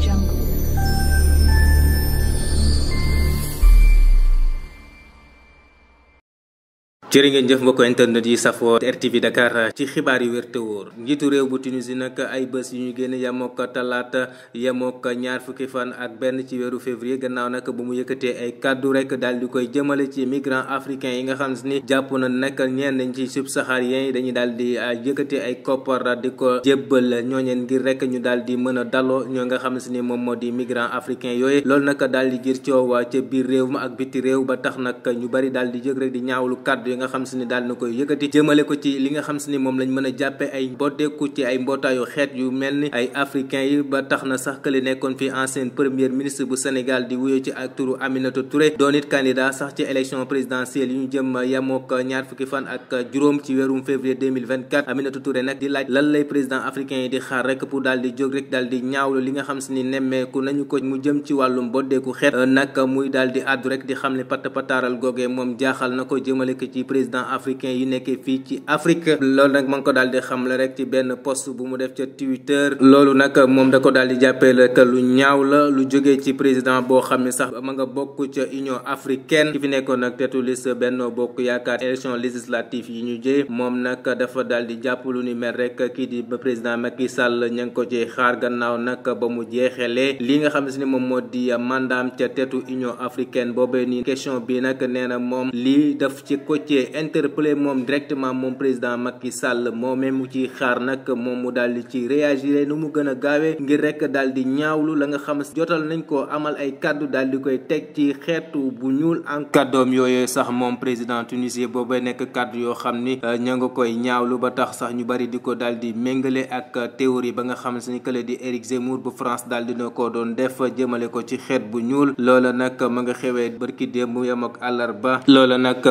jungle. jërë ngeen jëf mbokk internet yi safoo RTV Dakar ci xibaar yu wér te wóor njiitu réew bu Tunisie nag ay bés yu ñu génn yemook talaata yemook ñaar fukki fan ak benn ci weeru février gannaaw nag bu mu yëkkatee ay kàddu rek daal di koy jëmale ci migrant africain yi nga xam ni jàpp na nag ñeen dañ ci subsahariens yi dañuy daal di ah, yëkkatee ay koppar di ko jébbal ñooñeen ngir rek ñu daal di mën a daloo ñoo nga xam si ni moom moo di migrant africain yooyu loolu nag daal di jir coow ca biir réew ma ak biti réew ba tax nag ñu bari daal di jëg di ñaawlu kàddu nga xam si ni daal na koy yëkkati jëmale ko ci li nga xam si ni moom lañ mën a jàppe ay booteeku ci ay mbootaayu xeet yu mel ni ay africain yi ba tax na sax kële nekkoon fi ancien premier ministre bu Sénégal di wuyoo ci ak turu Aminata Touré doon it candidat sax ci élection présidentielle yu ñu jëm yamook ñaar fukki fan ak juróom ci weerum février 2024 Aminata Touré nag di laaj lan lay président africain yi di xaar rek pour daal di jóg rek daal di ñaawlu li nga xam si ko mu jëm ci wàllum booteeku xeet nag muy daal di àddu rek di xam président africain yi nekkee fii ci Afrique loolu nag ma ngi ko daal di xamle rek ci benn post bu mu def ca Twitter loolu nag moom da ko daal di jàppee rek lu ñaaw la lu jógee ci président boo xam ne sax ma nga bokk ca Union africaine ki fi nekkoon nag tetu liste Benno Bokk Yaakaar élection législative yi ñu jëy moom nag dafa daal di jàpp ni mel rek kii di président Macky Sall ña ngi ko ci xaar gannaaw nag ba mu jeexee jeexalee li nga xam si ne moom moo di mandaam ca tetu Union africaine boobee nii question bi nag nee na moom lii daf ci ko ci mujjee interpellé moom directement moom président Macky Sall moo même mu ci xaar nag moom mu daal di ci réagir nu mu gën a gaawee ngir rek daal di ñaawlu la nga xam jotal nañ ko amal ay kaddu daal di koy teg ci xeetu bu ñuul en kaddoom yooyee sax moom président tunisien booba nekk kàddu yoo xam ni euh, ña nga koy ñaawlu ba tax sax ñu bari di ko daal di méngale ak théorie ba nga xam ni kële di Éric Zemmour bu France daal dina ko doon def jëmale ko ci xeet bu ñuul loola nag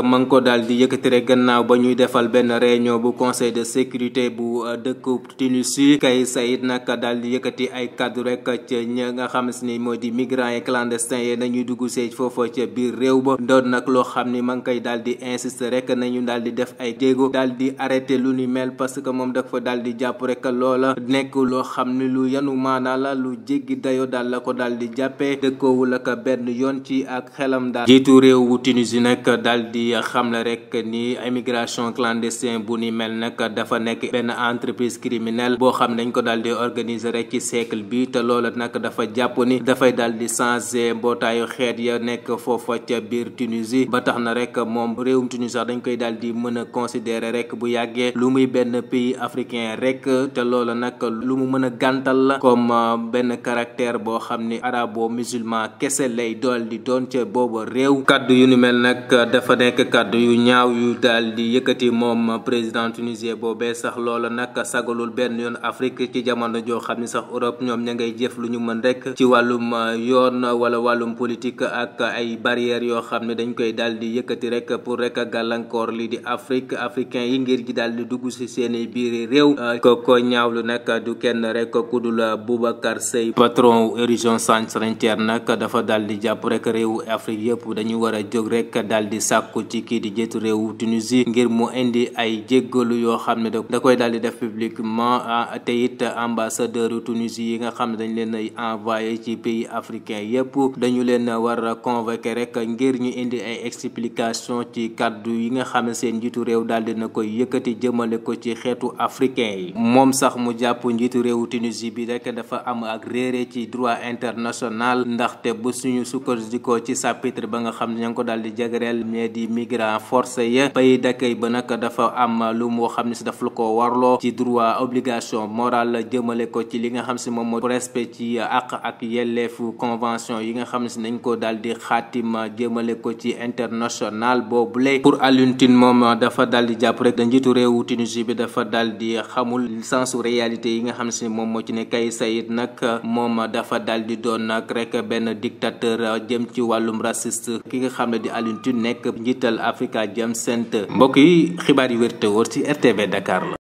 ma nga yëkkati rek gannaaw ba ñuy defal benn réunion bu conseil de sécurité bu euh, dëkku Tunisie kay sayit nag daal di yëkkati ay kaddu rek ca ña nga xam ni moo di migrants yi clandestins yi nañuy dugg see foofa ca biir réew ba doon nag loo xam ni ma ngi koy daal di insister rek nañu daal di def ay jéego daal di arrêté lu ni mel parce que moom dafa daal di jàpp rek loola nekk loo xam ni lu yanu maanaa la lu jéggi dayo daal la ko daal di jàppee dëkkoowul ak benn yoon ci ak xelam daal jiitu réew wu Tunisie nag daal di xamle rek rek ni immigration clandestine bu ni mel nag dafa nekk benn entreprise criminelle boo xam ne dañ ko daal di organiser rek ci siècle bi te loola nag dafa jàpp ni dafay daal di changer mbootaayu xeet ya nekk foofa ca biir Tunisie ba tax na rek moom réewum Tunisie sax dañ koy daal di mën a considérer rek bu yàggee lu muy benn pays africain rek te loola nag lu mu mën a gàntal la comme euh, benn caractère boo xam ni arabo musulman kese lay dool di doon ca booba réew kàddu ginnaaw yu daal di yëkkati moom président tunisien boobee sax loola nag sagalul benn yoon Afrique ci jamono joo xam ni sax Europe ñoom ña ngay jëf lu ñu mën rek ci wàllum yoon wala wàllum politique ak ay barrières yoo xam ne dañ koy daal di yëkkati rek pour rek gàllankoor lii di Afrique africain yi ngir ji daal di dugg si seeni biir réew ko ko lu nag du kenn rek ku dul Boubacar Seye patron Horizon Sans Frontières nag dafa daal di jàpp rek réewu Afrique réewu Tunisie ngir mu indi ay jéggalu yoo xam ne da koy daal di def publiquement ah, te it ambassadeur Tunisie yi nga xam ne dañ leen ay envoyé ci pays africain yëpp dañu leen war a convoqué rek ngir ñu indi ay explication ci kaddu yi nga xam ne seen njiitu réew daal na koy yëkkati jëmale ko ci xeetu africain yi moom sax mu jàpp njiitu réewu Tunisie bi rek dafa am ak réere ci droit international ndaxte bu suñu sukkandikoo ci chapitre ba nga xam ne ña ko daal di forcé ya pays d'accueil ba nag dafa am lu moo xam ne si daf lu ko warloo ci droit obligation morale jëmale ko ci li nga xam si moom moo respect ci àq ak yelleefu convention yi nga xam ne si nañ ko daal di xaatima jëmale ko ci boobu boobule pour Alioune moom moom dafa daal di jàpp rek da njiitu réewu Tunisie bi dafa dal di xamul sensu réalité yi nga xam si moom moo ci ne Kais Saied nag moom dafa dal di doon nag rek benn dictateur jëm ci wàllum raciste ki nga xam ne di Alioune nekk njiital Africa jam sent mbokk yi xibaar yu wér te ci rtb Dakar la.